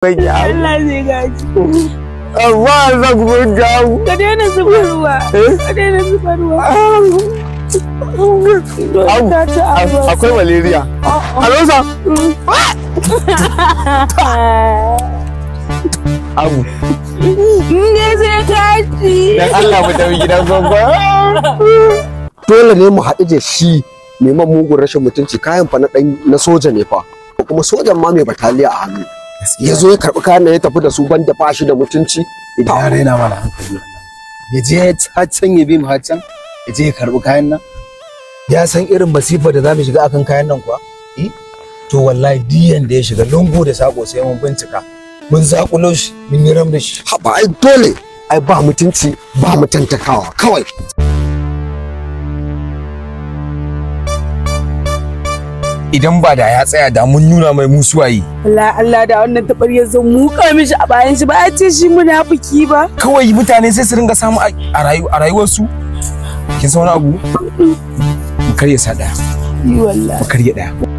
Banya. Allah ku mun jawo. Ka daina zuba ruwa. Eh? Ka daina zuba ruwa. Akwai malaria. Alosa. Abu. Ne zai gaji. Dan Allah mu tafi gidan gwagwa. Dole ne mu haɗu da shi neman mugun rashin mutunci kayan fa na soja ne fa. Kuma sojan ma mai bataliya a hannu. ya zo ya karɓi kayan ya tafi da su ban da da mutunci ya raina mana hankali ya je haccan ya bi mu haccan ya je ya karɓi kayan nan ya san irin masifar da za mu shiga akan kayan nan kuwa eh? to wallahi diyan da ya shiga lungu da sako sai mun bincika mun zakulo shi mun yi ram da shi haba ai dole ai ba mutunci ba mutantakawa kawai idan ba da ya tsaya da mun nuna mai musuwayi. Allah Allah da wannan tabar ya zo muka mishi a bayan shi ba a ce shi munafiki ba. Kawai mutane sai su ringa samu a rayuwarsu. Kin san wani abu? Mu karya sa ɗaya. Wallahi. Mu karya ɗaya.